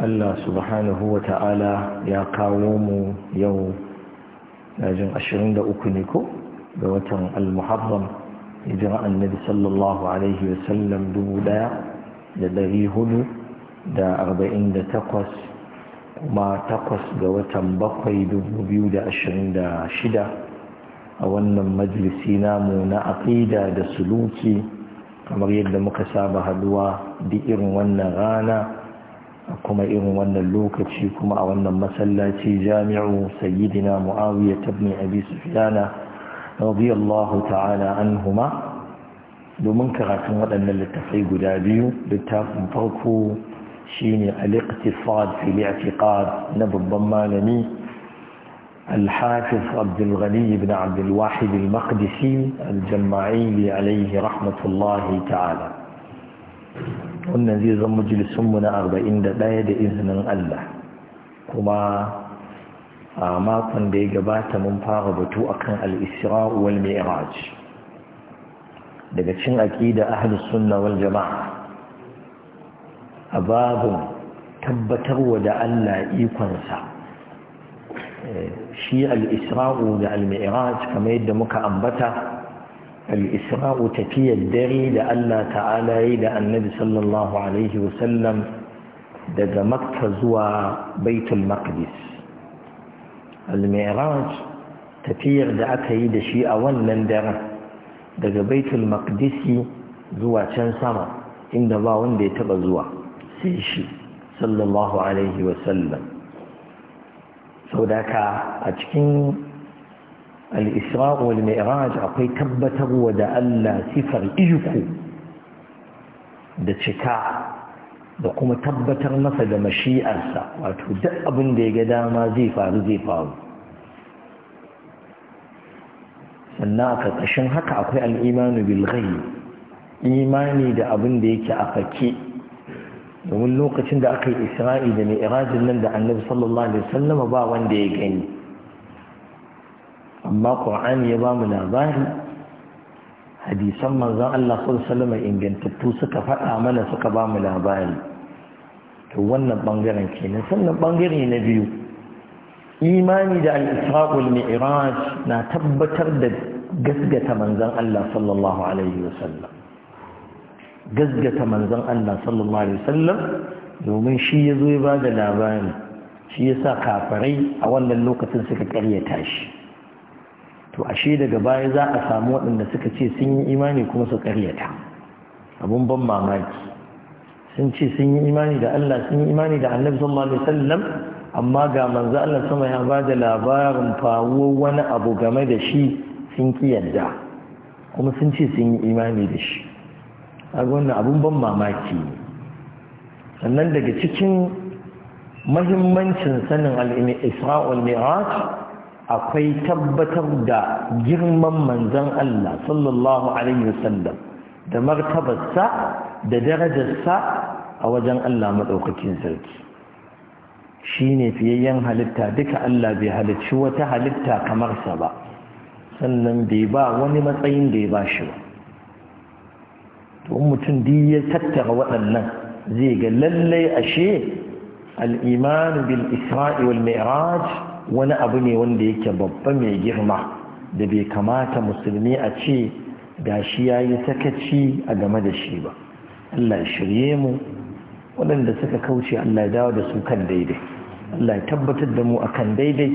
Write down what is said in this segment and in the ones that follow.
Allah subhanahu wa ta'ala ya kawo mu yau yajin 23 ne ko ga watan al-muharram hijira annabi sallallahu alaihi wasallam dubu da hudu da arba'in da takwas kuma takwas ga watan bakwai dubu biyu da ashirin da shida a wannan majalisi namu na aƙida da suluki kamar yadda muka saba haduwa duk irin wannan rana kuma irin wannan lokaci kuma a wannan masallaci jami'u sayyidina muawiya ibn abi sufyana radiyallahu ta'ala anhuma domin karatun waɗannan littafai guda biyu littafin farko shine al-iqtisad fi al-i'tiqad na babban malami الحافظ عبد الغني بن عبد الواحد المقدسي الجماعي عليه رحمة الله تعالى wannan zai zan majalisunmu na arba'in da ɗaya da izinin Allah kuma a makon da ya gabata mun fara batu akan al-isra'u wal daga cin aƙida ahlus sunna wal jama'a a babun tabbatarwa da Allah ikonsa eh, shi al-isra'u da al-mi'raj kamar yadda muka ambata al'isra'u tafiyar dare da Allah ta'ala yi da annabi sallallahu Alaihi wasallam daga makka zuwa baitul maqdis al-mi'raj tafiyar da aka yi da shi a wannan daren daga baitul maqdisi zuwa can sama inda ba wanda ya taba zuwa sai shi sallallahu Alaihi wasallam sau da ka a cikin al-isra' mai mi'raj akwai tabbatarwa da Allah sifar iko da cika da kuma tabbatar masa da mashi'arsa wato duk abin da ya ga dama zai faru zai faru sannan a ƙarƙashin haka akwai al'imanu bil imani da abin da yake a fake domin lokacin da aka yi isra'i da mai irajin nan da annabi sallallahu alaihi wasallama ba wanda ya gani amma ƙwa'ani ya ba mu labari hadisan manzan Allah salama ingantattu suka faɗa mana suka ba mu labari to wannan bangaren kenan sannan bangare na biyu imani da al'isra'ul mi'iraj na tabbatar da gasgata manzan Allah sallallahu alaihi wasallam gasgata manzan Allah sallallahu alaihi wasallam domin shi ya zo ya ba da labari shi ya sa kafarai a wannan lokacin suka ƙaryata shi to ashe daga baya za a samu waɗanda suka ce sun yi imani kuma su ƙaryata abun ban mamaki sun ce sun yi imani da Allah sun yi imani da annabi sallallahu alaihi wasallam amma ga manzo Allah sama ya ba da labarin fawo wani abu game da shi sun ki yarda. kuma sun ce sun yi imani da shi a wannan abun ban mamaki ne sannan daga cikin mahimmancin sanin al wal mi'raj akwai tabbatar da girman manzon Allah sallallahu alaihi wasallam da martabarsa da darajarsa a wajen Allah madaukakin sarki shine fiyayyen halitta duka Allah bai halicci wata halitta kamar sa ba sannan bai ba wani matsayin da ya ba shi ba to mutum duk ya tattara waɗannan zai ga lallai ashe al-iman bil isra'i wal mi'raj wani abu ne wanda yake babba mai girma da bai kamata musulmi a ce ga shi ya yi sakaci a game da shi ba Allah shirye mu waɗanda suka kauce Allah ya dawo da su kan daidai Allah ya tabbatar da mu a kan daidai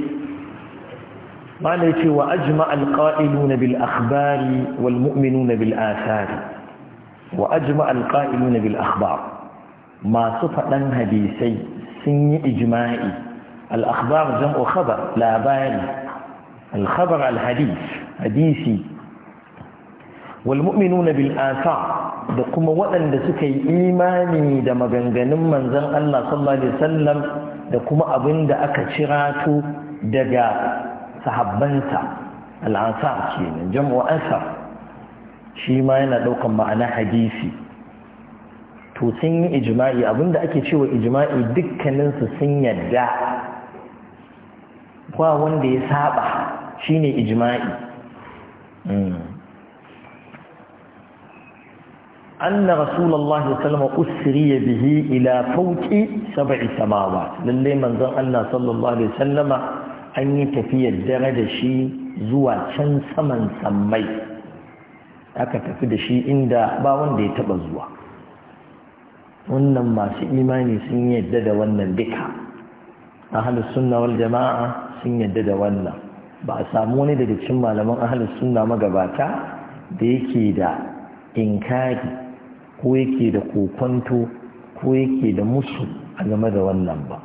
Malam ce wa ajma alqa'iluna bil akhbari wal mu'minuna bil asari. wa ajma alqa'iluna bil akhbar masu faɗan hadisai sun yi ijima'i الأخبار جمع خبر لا باري الخبر الحديث حديثي والمؤمنون بالآثار da kuma waɗanda suka yi imani da maganganun manzon Allah sallallahu alaihi wasallam da kuma abin da aka cirato daga sahabbansa al'asar kenan jam'u asar shi ma yana ɗaukan ma'anar hadisi to sun yi ijma'i abinda ake cewa ijma'i dukkaninsu sun yadda Wa wanda ya saba shine ijma'i hmm. anna rasulullahi sallama ya bihi ila fauki sab'i Lallai manzan manzon Allah sallallahu alaihi wasallama an yi tafiyar daraja shi zuwa can saman sammai aka tafi da shi inda ba wanda ya taɓa zuwa wannan masu imani sun yadda da wannan duka ahalus sunna wal jama'a sun yadda da wannan ba a samu wani daga cikin malaman ahalus sunna magabata da yake da inkari ko yake da kokonto ko yake da musu a game da wannan ba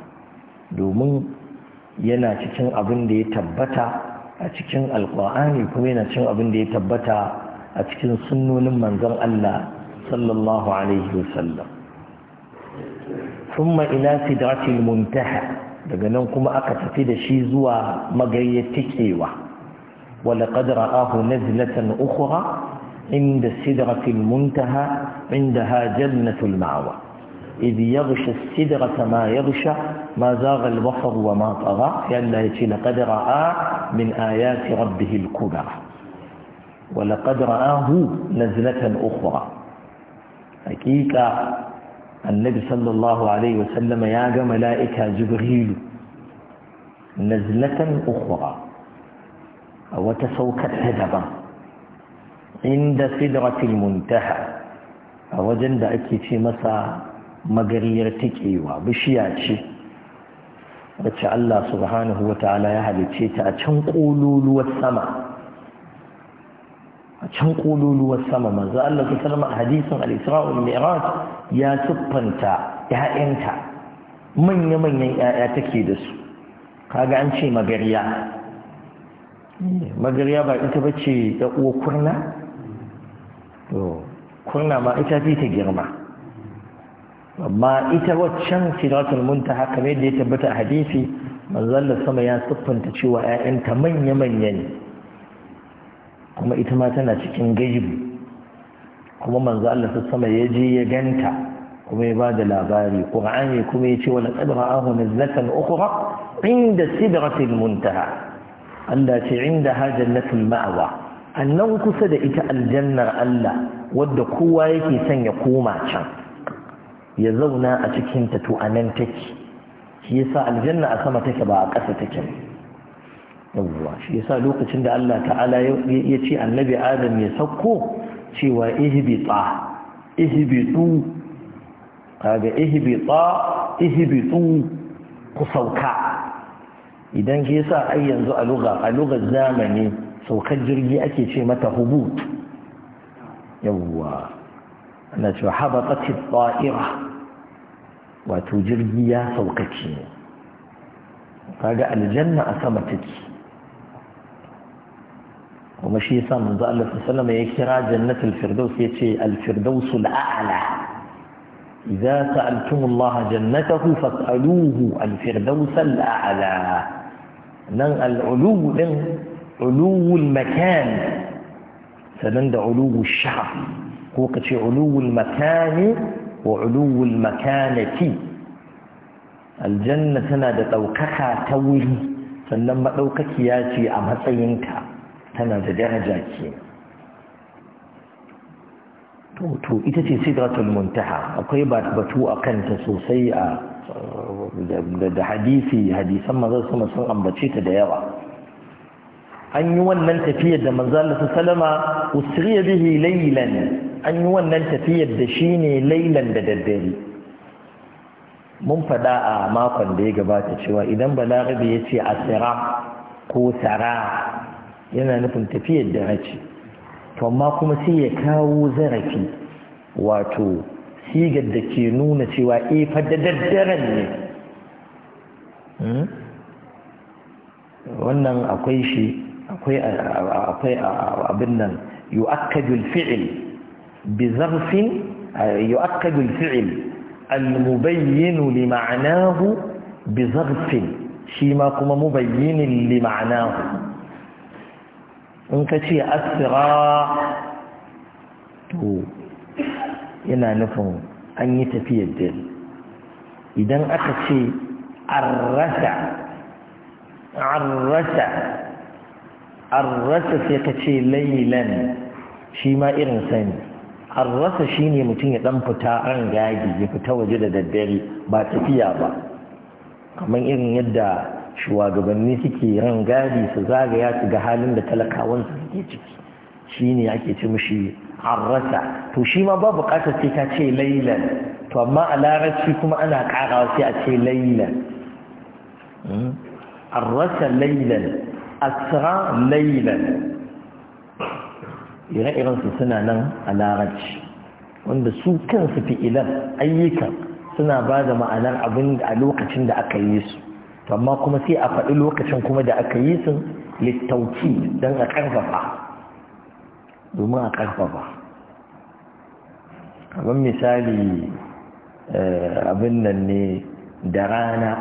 domin yana cikin abin da ya tabbata a cikin alkur'ani kuma yana cikin abin da ya tabbata a cikin sunnonin manzon Allah sallallahu alaihi wasallam ثم إلى سدرة المنتهى daga nan kuma aka tafi da shi zuwa magayyar tikewa wala qadra ahu nazlatan ukhra inda sidratil muntaha indaha jannatul ma'wa إذ يغشى السدرة ما يغشى ما زاغ ya وما طغى يلا يتي min ayati من آيات ربه الكبرى ولقد رآه نزلة أخرى hakika annabi sallallahu alaihi wasallama ya ga mala'ika jibrilu nazlatan ukuwa a wata saukar ta daban inda sidratil muntaha a wajen da ake ce masa magariyar takewa bishiya ce wacce Allah subhanahu wa ta'ala ya halicce ta a can ƙololuwar sama can kololuwar sama manzo Allah ta sallama a hadisin al-Isra Mi'raj ya siffanta ƴaƴanta manya manyan ƴaƴa take da su kaga an ce magariya eh, magariya ba ita bace da uwa kurna to kurna ma ita ce ta girma amma ita waccan siratul muntaha kamar yadda ya tabbata a hadisi manzo Allah sama ya siffanta cewa ƴaƴanta manya manya ne kuma ita ma tana cikin gaibu kuma manzo Allah sama ya je ya ganta kuma ya bada labari qur'ani kuma ya ce wala qad ra'ahu nazlatan ukhra inda sidratil muntaha Allah ce inda jannatul ma'wa annan kusa da ita aljannar Allah wadda kowa yake son ya koma can ya zauna a cikin ta to anan take shi yasa aljanna a sama take ba a ƙasa take yawwa shi yasa lokacin da Allah ta'ala ya ce annabi adam ya sauko cewa ihbita ihbitu kaga ihbita ihbitu ku sauka idan ke yasa ai yanzu a lugha a zamani saukar jirgi ake ce mata hubut yawwa ana cewa habaqatit ta'ira wato jirgi ya sauka ne kaga aljanna a sama take kuma shi yasa manzo Allah sallallahu alaihi wasallam ya kira jannatul firdaus yace al firdausul a'la idza ta'altum Allah jannatahu fas'aluhu al firdausal a'la nan al ulu din uluwul makan sanan da uluwul shahr ko kace uluwul makan wa uluwul makanati aljanna tana da ɗaukaka ta wuri sannan maɗaukakiya ce a matsayinka tana da daraja ke to ita ce sidratul muntaha akwai batu a kanta sosai a da hadisi hadisan manzon sama sun ambace ta da yawa an yi wannan tafiyar da manzon Allah sallama usriya bihi laylan an yi wannan tafiyar da shi ne laylan da daddare mun faɗa a makon da ya gabata cewa idan balarabe ya ce asira ko sara yana nufin tafiyar da haci to amma kuma sai ya kawo zarafi wato sigar da ke nuna cewa e fa da daddaren ne hmm? wannan akwai shi akwai akwai abin nan yu'akkadu al-fi'l bi zarfin yu'akkadu al-fi'l al li ma'nahu bi zarfin shi ma kuma mubayyin li ma'nahu in ka ce asira to yana nufin an yi tafiyar dare idan aka ce arrasa arrasa arrasa sai ka ce lailan shi ma irin sani arrasa shi ne mutum ya dan fita an gagi ya fita waje da daddare ba tafiya ba kamar irin yadda shugabanni suke ran gadi su zagaya su ga halin da talakawansu suke ciki shi ne ake ci mushi harrasa to shi ma ba bukatar sai ta ce lailan to amma a larabci kuma ana karawa sai a ce lailan hmm? harrasa lailan asra lailan ire su suna nan a larabci wanda su kansu fi'ilan ayyukan suna ba da ma'anar abin a lokacin da aka yi su amma kuma sai a faɗi lokacin kuma da aka yi sun littauci don a ƙarfafa domin a ƙarfafa kamar misali eh, abin nan ne da rana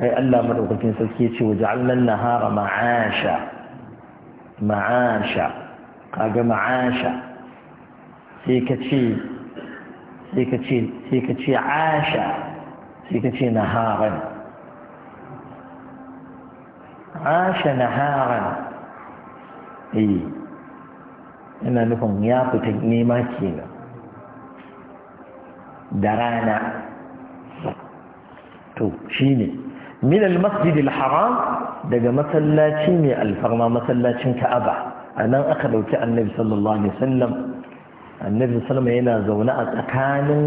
ai Allah madaukakin sarki ya ce wa ja'alna nahara ma'asha ma'asha kaga ma'asha sai ka ce sai ka ce sai ka ce asha sai ka ce naharan asha naharan eh yana nufin ya fita nema kenan da rana to shine min al-masjid al-haram daga masallaci mai alfarma masallacin Ka'aba anan aka dauki Annabi sallallahu alaihi wasallam Annabi sallallahu yana zaune a tsakanin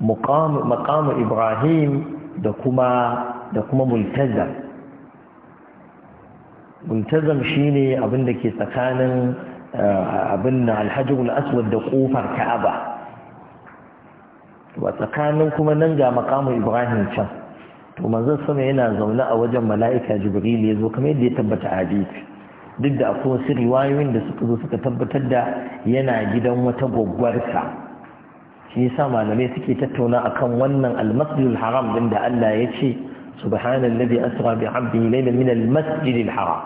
muqam maqam Ibrahim da kuma da kuma multazam muntazam shine abin da ke tsakanin eh, abin na alhajjul aswad da kofar ka'aba ba tsakanin kuma nan ga makamun ibrahim can to manzo sama yana zaune a wajen mala'ika jibril ya zo kamar yadda ya tabbata hadisi duk da akwai wasu riwayoyin da suka zo suka tabbatar da yana gidan wata gwaggwarsa shi yasa malamai suke tattauna akan wannan almasjidul haram din da Allah ya ce سبحان الذي أسرى بعبده ليلا من المسجد الحرام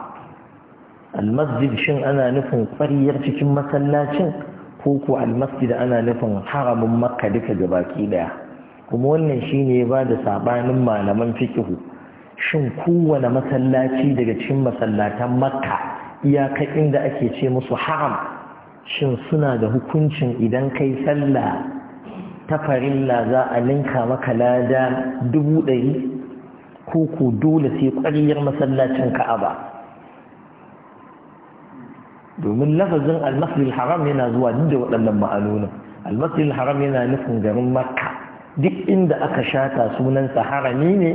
المسجد شن أنا نفهم قرير في كم مسلاتين كوكو المسجد أنا نفهم حرم مكة لك جباكي لها kuma wannan shine ya ba da saɓanin malaman fikihu shin kowane masallaci daga cikin masallatan makka iyaka inda ake ce musu haram shin suna da hukuncin idan kai sallah ta farilla za a ninka maka lada dubu ɗari koko dole sai ƙwariyar masallacin ka'aba domin lafazin almasjid haram yana zuwa duk da waɗannan ma'anonin almasjid haram yana nufin garin makka duk inda aka shata sunansa harami ne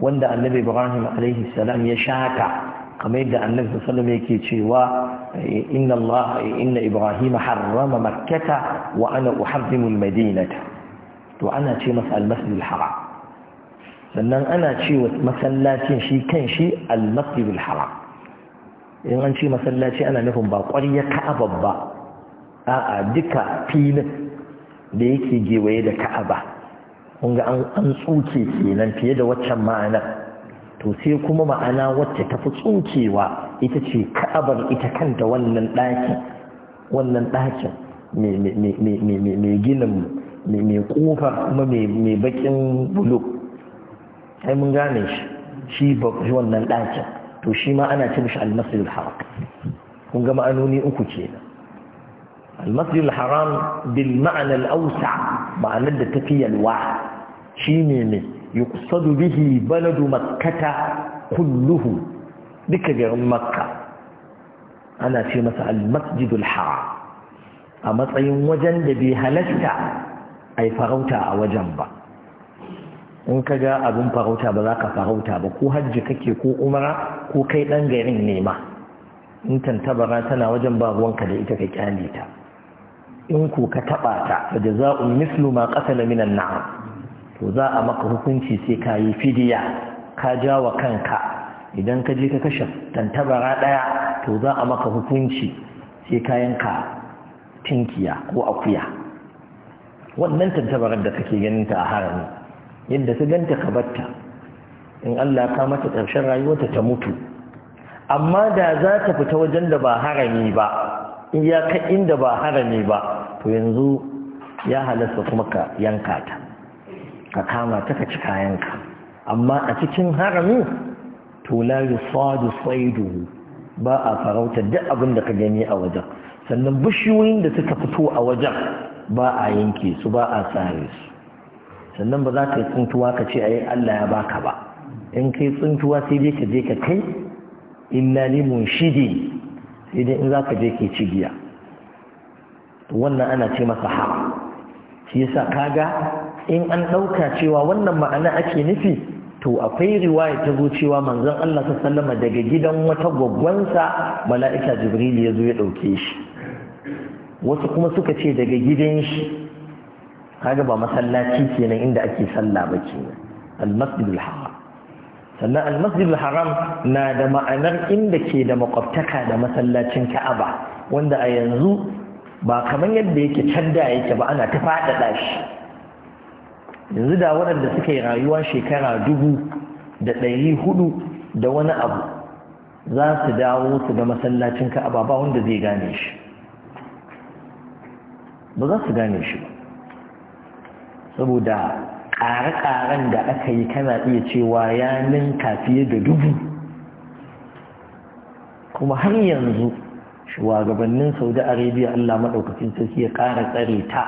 wanda annabi ibrahim alaihi salam ya shata kamar yadda annabi sallallahu yake cewa inna allah inna ibrahim harrama makkata wa ana uharrimu almadinata to ana ce masa almasjid haram sannan ana cewa masallacin shi kan shi almasjidul haram in an ce masallaci ana nufin ba ƙwarya ka'aba ba a'a duka filin da yake gewaye da ka'aba kun ga an tsuke kenan fiye da waccan ma'anar to sai kuma ma'ana wacce ta fi tsukewa ita ce ka'abar ita kanta wannan ɗakin wannan ɗakin mai ginin mai kofa kuma mai baƙin bulu ai mun gane shi shi ba wannan ɗakin to shi ma ana ce mishi almasjidul haram kun ga ma'anoni uku kenan almasjidul haram bil ma'ana al-awsa ma'anar da tafi yalwa shine ne yuqsadu bihi baladu makkata kulluhu duka garin makka ana ce masa almasjidul haram a matsayin wajen da bai halasta ai farauta a wajen ba in ka ga abin farauta ba za ka farauta ba ko hajji kake ko umara ko kai ɗan garin nema in tantabara tana wajen ba ruwanka da ita ka kyale ta in ku ka taɓa ta da jaza'un mislu ma qatala minan na'am to za a maka hukunci sai ka yi fidiya ka ja wa kanka idan ka je ka kashe tantabara ɗaya to za a maka hukunci sai ka yanka tinkiya ko akuya wannan tantabarar da kake ganin ta a harami yadda ta ganta ka batta in Allah ka mata ƙarshen rayuwarta ta mutu amma da za ta fita wajen da ba harami ba iyaka inda ba harami ba to yanzu ya halasta kuma ka yanka ta ka kama ta ka ci kayanka amma a cikin harami to la yusadu saiduhu ba a farauta duk abin da ka gani a wajen sannan bishiyoyin da suka fito a wajen ba a yanke su ba a tsare su sannan ba za ka yi tsuntuwa ka ce ayi Allah ya baka ba in kai tsuntuwa sai dai ka je ka kai inna li munshidi sai dai in za ka je ke cigiya wannan ana ce masa haram shi yasa kaga in an ɗauka cewa wannan ma'ana ake nufi to akwai riwaya ta zo cewa manzon Allah sallama daga gidan wata gwaggwansa mala'ika Jibril ya zo ya ɗauke shi wasu kuma suka ce daga gidan shi kaga ba masallaci kenan inda ake sallah ba kenan al masjidul haram sannan al masjidul haram na da ma'anar inda ke da makwabtaka da masallacin Ka'aba wanda a yanzu ba kamar yadda yake can da yake ba ana ta faɗaɗa shi yanzu da waɗanda suka yi rayuwa shekara dubu da ɗari hudu da wani abu za su dawo su ga masallacin ka'aba ba wanda zai gane shi ba za su gane shi ba saboda ƙare-ƙaren da aka yi kana iya cewa ya ninka fiye da dubu kuma har yanzu shugabannin saudi arabia allah maɗaukacin sarki ya ƙara tsare ta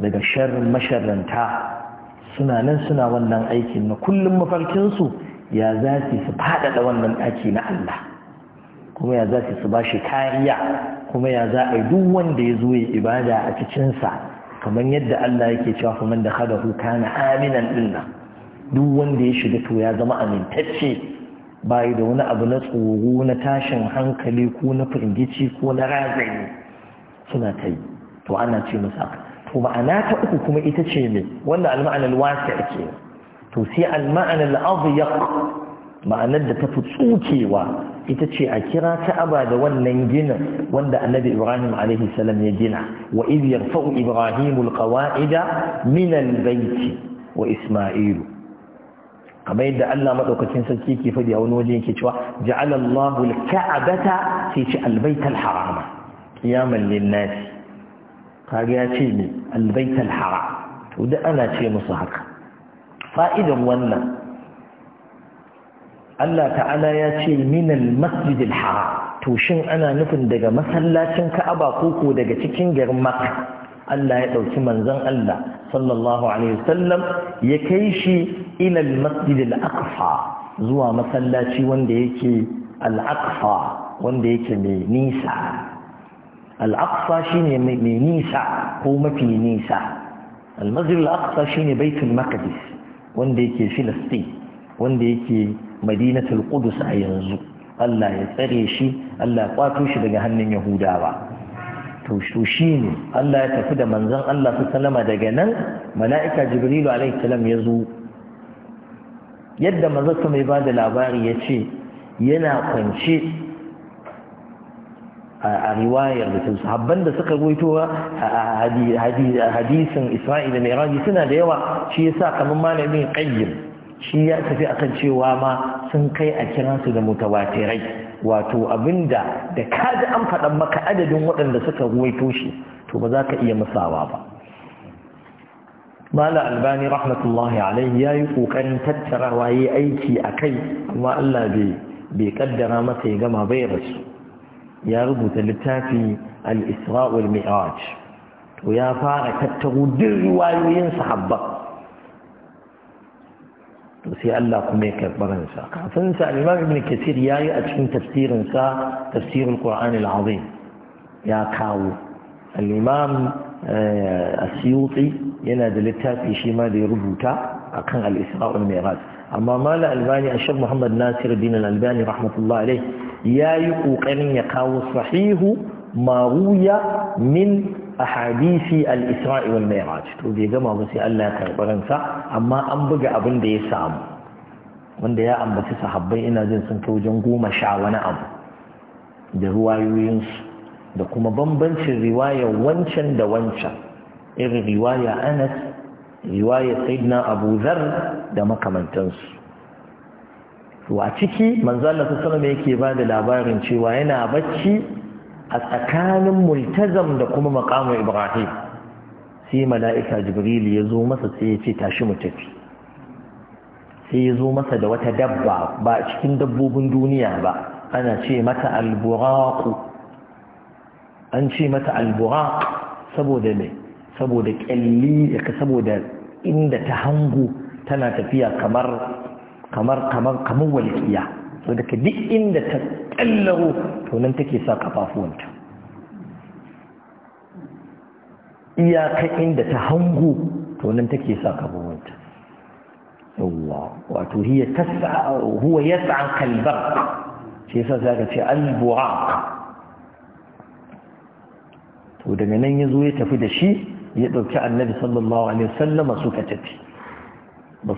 daga sharrin masharranta suna nan suna wannan aikin na kullum mafarkinsu ya za su faɗaɗa wannan aiki na allah kuma ya za su ba shi kariya kuma ya za a yi duk wanda ya zo ya ibada a cikinsa kamar yadda Allah yake cewa fa man dakhalahu kana aminan illa duk wanda ya shiga to ya zama amintacce bai da wani abu na tsoro na tashin hankali ko na firgici ko na razani suna ta yi to ana ce masa to ma'ana ta uku kuma ita ce me wanda al-ma'anal wasi' ke to sai al-ma'anal adiyaq ma'anar da ta fi tsukewa ita ce a kira ka'aba da wannan ginin wanda annabi ibrahim alaihi salam ya gina wa iz yarfa'u ibrahimul qawa'ida min al wa isma'ilu kamar yadda Allah madaukakin sarki ke faɗi a wani waje yake cewa ja'ala Allahu al-ka'bata sai ce al-baital harama qiyaman lin-nas ya ce ne albaitar baital haram to da ana ce musu haka fa'idan wannan Allah ta'ala ya ce minal masjidil haram to shin ana nufin daga masallacin Ka'aba koko daga cikin garin Makka Allah ya dauki manzon Allah sallallahu alaihi wasallam ya kai shi ila al-masjidil aqsa zuwa masallaci wanda yake al-aqsa wanda yake mai nisa al-aqsa shine mai nisa ko mafi nisa al-masjidil aqsa shine baitul maqdis wanda yake filastin wanda yake madinatul qudus a yanzu Allah ya tsare shi Allah ya kwato shi daga hannun yahudawa to shi ne Allah ya tafi da manzon Allah su salama daga nan mala'ika jibrilu alaihi salam ya zo yadda manzon mai ba da labari ya ce yana kwance a riwayar da habban da suka goito a hadisin Isra'ila mai Iraji suna da yawa shi yasa kamar malamin qayyim shi ya tafi akan cewa ma sun kai a kiransu da mutawatirai wato abinda da kaji an faɗan maka adadin waɗanda suka ruwaito shi to ba za ka iya musawa ba mala albani rahmatullahi alaihi ya yi ƙoƙarin tattarawa waye aiki a kai amma allah bai ƙaddara masa ya gama bai rasu ya rubuta littafi al israul wal mi'raj to ya fara tattaro duk riwayoyin sahabban sai Allah kuma ya karɓaransa kafin sa imam Ibn Kathir yayi a cikin tafsirin sa tafsirul Qur'an al-Azim ya kawo al-Imam eh, Asyuti yana da littafi shi ma da ya rubuta akan al-Isra wal Mi'raj amma mala albani ashir Muhammad Nasir bin al-Albani rahmatullahi alayh yayi kokarin ya kawo sahihu ma min ahadisi al-isra'i wal mi'raj to bai gama ba sai Allah ya karɓi ransa amma an buga abin da ya samu wanda ya ambaci sahabbai ina jin sun kai wajen goma sha wani abu da riwayoyinsu da kuma bambancin riwaya wancan da wancan irin riwaya anas riwaya sayyidina abu zar da makamantansu to a ciki manzo Allah sallallahu alaihi wasallam yake ba da labarin cewa yana bacci a tsakanin multazam da kuma makamun ibrahim sai mala'ika jibril ya zo masa sai ya ce tashi mu tafi sai ya zo masa da wata dabba ba cikin dabbobin duniya ba ana ce mata alburaku an ce mata alburak saboda mai saboda kyalli saboda inda ta hangu tana tafiya kamar kamar kamar kamar walƙiya to daga duk inda ta tsallaro to nan take sa kafafuwanta iyaka inda ta hango to nan take sa kafafuwanta yawwa wato hiya tas'a huwa yas'a kalbar shi yasa zaka ce al-buraq to daga nan yazo ya tafi da shi ya dauki annabi sallallahu alaihi wasallama suka tafi ba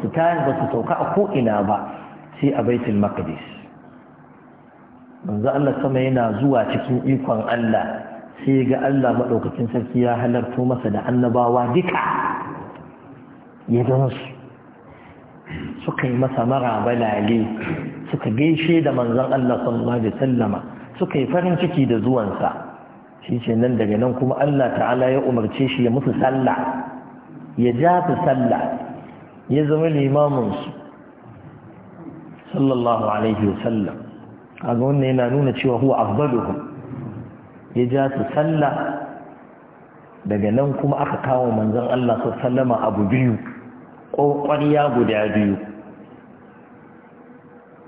su ta basu sauka a ko ina ba sai a baitul maqdis manzo Allah sama yana zuwa cikin ikon Allah sai ga Allah madaukakin sarki ya halarto masa da annabawa duka ya gano su suka yi masa marabalale suka gaishe da manzon Allah sallallahu alaihi wasallama suka yi farin ciki da zuwansa shi ce nan daga nan kuma Allah ta'ala ya umarce shi ya musu sallah ya ja su sallah ya zama su sallallahu alaihi wasallam kaga wannan yana nuna cewa huwa afdaluhum ya ja su sallah daga nan kuma aka kawo manzon Allah sallama abu biyu ƙwarya guda biyu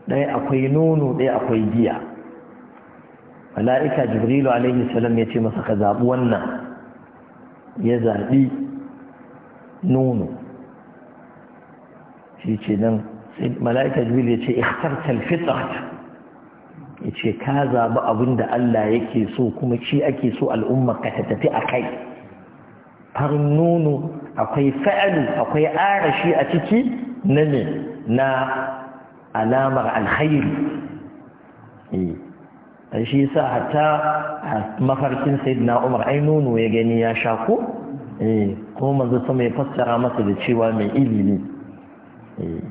ɗaya akwai nono ɗaya akwai giya mala'ika jibrilu alaihi salam ya ce masa ka zaɓi wannan ya zaɓi nono shi ce nan mala'ika jibril ya ce ikhtartal fitrat ya ce ka zaɓi abin da Allah yake so kuma shi ake so al'umma ka ta tafi a kai farin nono akwai fa'alu akwai arashi a ciki na ne na alamar alkhairi eh, a shi sa hatta mafarkin sayyidina umar ai nono ya gani ya sha ko eh, kuma manzo sama ya fassara masa da cewa mai ilimi eh,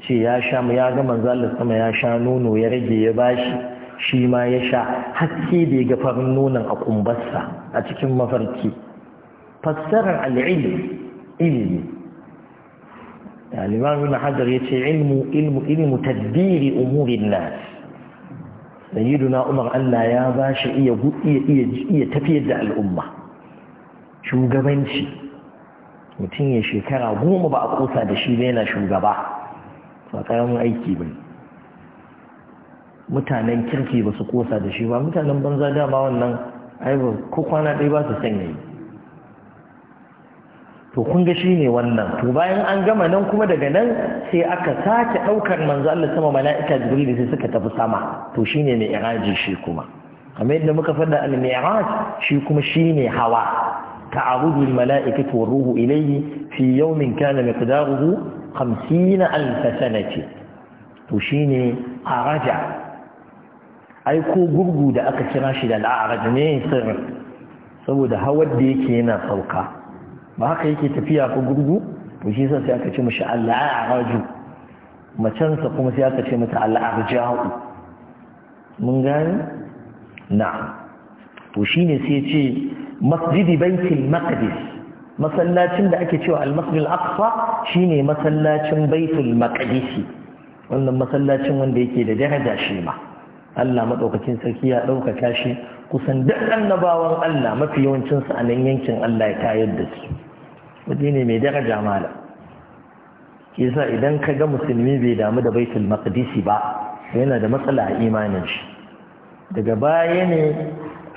ce ya sha ya ga manzo Allah sama ya sha nono ya rage ya bashi shi ma ya sha haske da ga farin nonon a kumbarsa a cikin mafarki fassarar al'ilmi ilmi al-imam ibn hajar yace ilmu ilmu ilmu tadbiri umurin nas sayyiduna umar Allah ya bashi iya iya iya tafiyar da al'umma shugabanci mutum ya shekara goma ba a kosa da shi ne na shugaba ba kayan aiki ba mutanen kirki ba su kosa da shi ba mutanen banza dama wannan aibar ko kwana ɗaya ba su sanya yi to kun ga shi ne wannan to bayan an gama nan kuma daga nan sai aka sake ɗaukar manzo Allah sama mala'ika jibril sai suka tafi sama to shine mai iraji shi kuma kamar yadda muka faɗa al-mi'raj shi kuma shine hawa ta'arudu al-mala'ikatu wa ruhu ilayhi fi yawmin kana miqdaruhu hamsin alfasana ce to shine araja ai ko gurgu da aka kira shi da al'araj ne sirri saboda hawar da yake yana sauka ba haka yake tafiya ko gurgu to shi sai aka ce mishi al'araju macensa kuma sai aka ce mata al'arja'u mun gani na to shine sai ce masjidi baitul maqdis masallacin da ake cewa almasjid al-aqsa shine masallacin baitul maqdis wannan masallacin wanda yake da daraja shi ma Allah madaukakin sarki ya ɗaukaka shi kusan duk annabawan Allah mafi yawancin su a nan yankin Allah ya tayar da su Wajene mai daraja mala yasa idan ka ga musulmi bai damu da baitul maqdis ba yana da matsala a imanin shi daga baya ne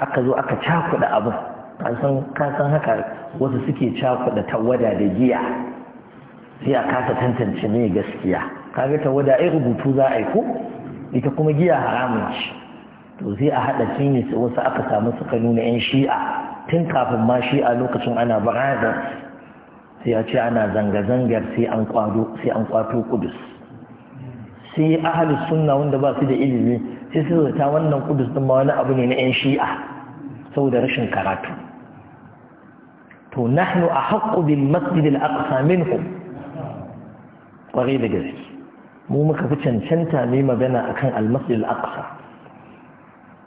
aka zo aka cakuɗa abin an san kasan haka wasu suke cakuɗa tawada da giya sai a kasa tantance mai gaskiya ka kaga tawada ai rubutu za a yi ko ita kuma giya haramun ce to sai a haɗa cinye wasu aka samu suka nuna 'yan shi'a tun kafin ma shi'a lokacin ana barada sai a ce ana zanga-zangar sai an kwato kudus sai ahli sunna wanda ba su da ilimi sai su zata wannan kudus din ma wani abu ne na 'yan shi'a saboda rashin karatu to nahnu a bil masjid al aqsa ku kwarai da gaske mu muka fi cancanta ne magana akan kan almasjidin aqsa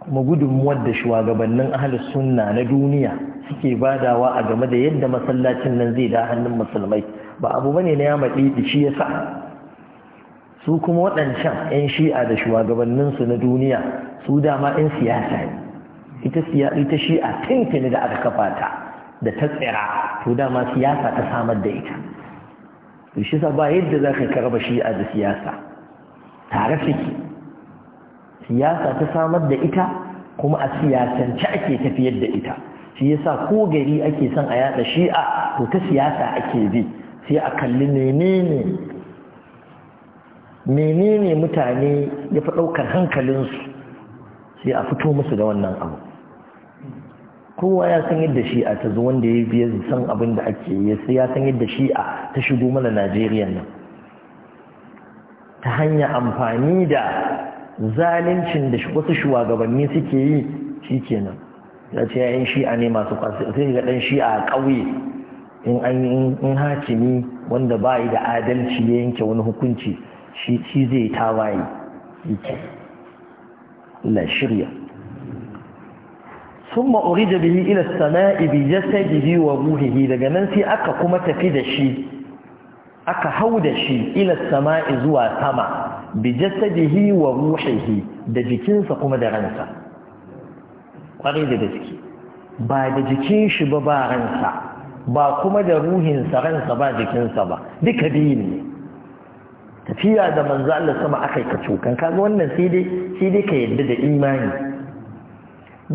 kuma gudunmuwar da shugabannin ahli sunna na duniya suke badawa a game da yadda masallacin nan zai da hannun musulmai ba abu bane na ya maɗi shi ya yasa su kuma waɗancan 'yan shi'a da shugabanninsu na duniya su dama 'yan siyasa ne ita shi'a tintini da aka kafa ta da ta tsira to dama siyasa ta samar da ita shi sa ba yadda za ka karba shi'a da siyasa tare suke siyasa ta samar da ita kuma a siyasance ake tafiyar da ita shi yasa ko gari ake son a yada shi'a to ta siyasa ake bi sai a kalli menene menene mutane ya fi ɗaukar hankalinsu sai a fito musu da wannan abu kowa ya san yadda shi'a ta zo wanda ya biya san abin da ake yi sai ya san yadda shi'a ta shigo mana najeriya nan ta hanyar amfani da zalincin da wasu shugabanni suke yi shi kenan ya ce yayin shi'a ne masu kwasi sai ga dan shi'a a ƙauye in an in hakimi wanda ba yi da adalci ya yanke wani hukunci shi zai tawaye yake la ثم أريد به إلى السماء بجسده وروحه لجنان سي أكا كما تفيد شيء أكا هود شيء إلى السماء زوى سما بجسده وروحه da jikinsa kuma da ransa ƙwarai da gaske ba da jikin shi ba ba ransa ba kuma da ruhinsa ransa ba jikinsa ba duka biyu ne tafiya da manzo Allah sama aka yi kacokan wannan sai dai ka yarda da imani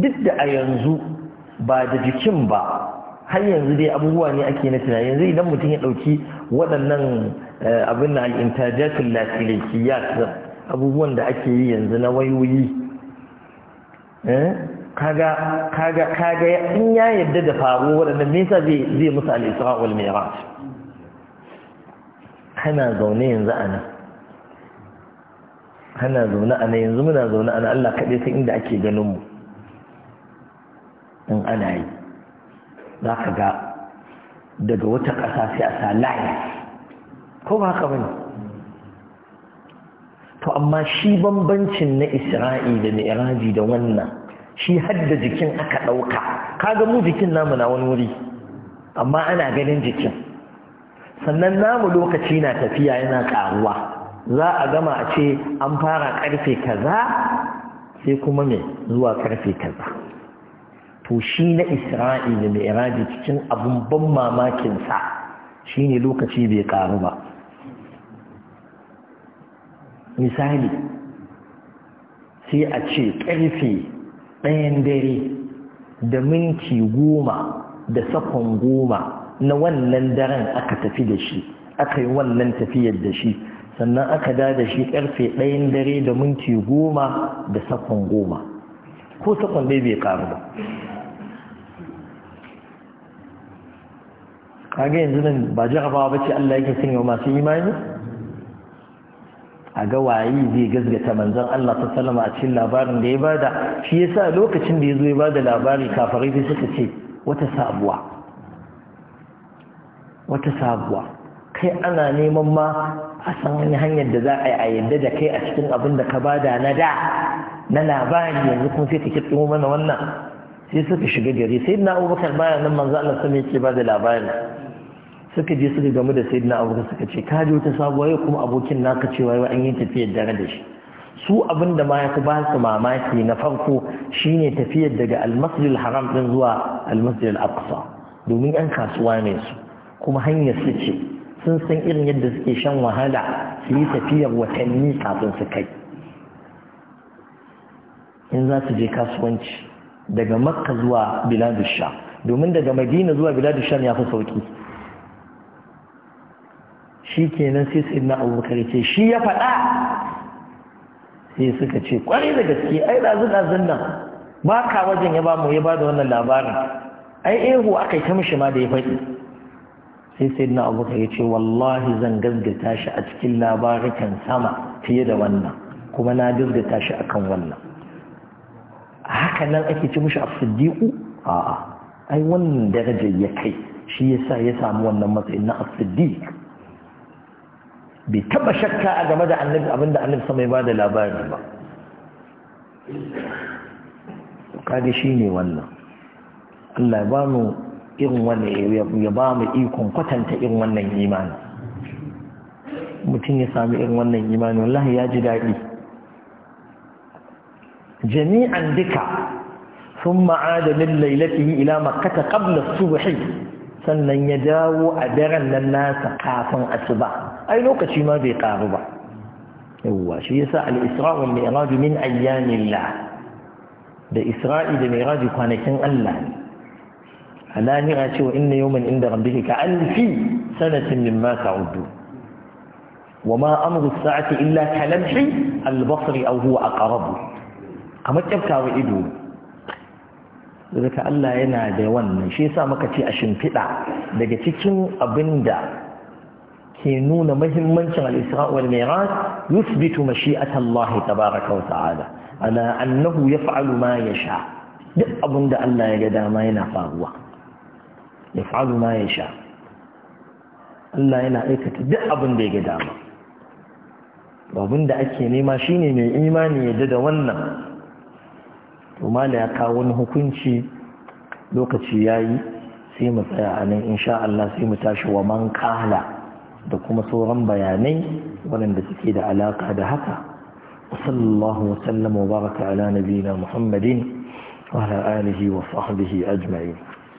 duk da a yanzu ba da jikin ba har yanzu dai abubuwa ne ake na tunani yanzu idan mutum ya ɗauki waɗannan eh, abin na al'intajatul lafilakiyat abubuwan da ake yi yanzu na wayoyi eh, kaga kaga kaga in ya yarda da faru waɗannan nesa zai zai musu al'isra isra wal mi'raj kana zaune yanzu ana kana zaune ana yanzu muna zaune ana Allah kaɗai sai inda ake ganin mu in ana yi za ka ga daga wata ƙasa sai a sa layi ko ba haka bane to amma shi bambancin na isra'i da mi'raji da wannan shi hadda jikin aka ɗauka kaga mu jikin namu na wani wuri amma ana ganin jikin sannan namu lokaci na tafiya yana ƙaruwa za a gama a ce an fara ƙarfe kaza sai kuma me zuwa ƙarfe kaza to shi na isra'ila mai iradi cikin abun ban mamakinsa shi ne lokaci bai karu ba misali sai a ce ƙarfe ɗayan dare da minti goma da sakon goma na wannan daren aka tafi da shi aka yi wannan tafiyar da shi sannan aka da da shi ƙarfe ɗayan dare da minti goma da sakon goma ko sakon dai bai karu ba kaga yanzu nan ba jarrabawa ba ce Allah yake sanya masu imani a ga zai gazgata manzon Allah ta salama a cikin labarin da ya bada shi yasa lokacin da ya zo ya bada labari kafarai sai suka ce wata sabuwa wata sabuwa kai ana neman ma a san wani hanyar da za a yi a yadda da kai a cikin abin da ka bada na da na labari yanzu kuma sai ka kitso mana wannan sai suka shiga gari sai na abubakar baya nan manzo Allah sai ce bada labari. suka je suka game da na abubakar suka ce ka wata sabuwa kuma abokin naka cewa yau an yi tafiyar dare da shi su abin da ma ya fi ba mamaki na farko shine tafiyar daga almasjidil haram din zuwa almasjidil aqsa domin yan kasuwa ne su kuma hanyar su ce sun san irin yadda suke shan wahala su yi tafiyar watanni kafin su kai in za su je kasuwanci daga makka zuwa biladu domin daga madina zuwa biladu ya fi sauki shi kenan sai na ina abubakar ce shi ya faɗa sai suka ce ƙwari da gaske ai ɗazu-ɗazun nan ba ka wajen ya ba mu ya ba da wannan labarin ai ehu aka yi ta mishi ma da ya faɗi sai sai na abu ce wallahi zan gaggata shi a cikin labarikan sama fiye da wannan kuma na gaggata shi kan wannan haka nan ake ci mishi a siddiƙu a'a ai wannan darajar ya kai shi yasa ya samu wannan matsayin na as bai taba shakka a game da annabi abinda annabi sama ya bada labari ba kaga ne wannan Allah ba mu irin wannan ya ba mu ikon kwatanta irin wannan imani mutum ya sami irin wannan imani wallahi ya ji daɗi jami'an duka sun ma'adalin min lailatihi ila makata kabla subuhi sannan ya dawo a daren nan nasa kafin asuba ai lokaci ma bai karu ba yawwa shi yasa al-isra wal mi'raj min ayyamillah da isra'i da mi'raj kwanakin Allah ne ala ni'a ce wa inna yawman inda rabbika ka alfi sanatin min ma ta'uddu wa ma amru as-sa'ati illa kalamhi al-basri a huwa A kamar ido daga Allah yana da wannan shi yasa muka ce a shimfiɗa daga cikin abinda. ke nuna mahimmancin al-isra wal mi'raj yusbitu mashi'at Allah tabaraka wa ta'ala ala annahu yaf'alu ma yasha duk abinda Allah ya ga dama yana faruwa yaf'alu ma yasha Allah yana aikata duk abinda ya ga dama Abinda ake nema shine mai imani ya da wannan to ya kawo wani hukunci lokaci yayi sai mu tsaya anan nan insha Allah sai mu tashi wa man kala da kuma sauran bayanai waɗanda suke da alaƙa da haka sallallahu wasallam wa baraka ala nabiyina muhammadin wa ala alihi wa sahbihi ajma'in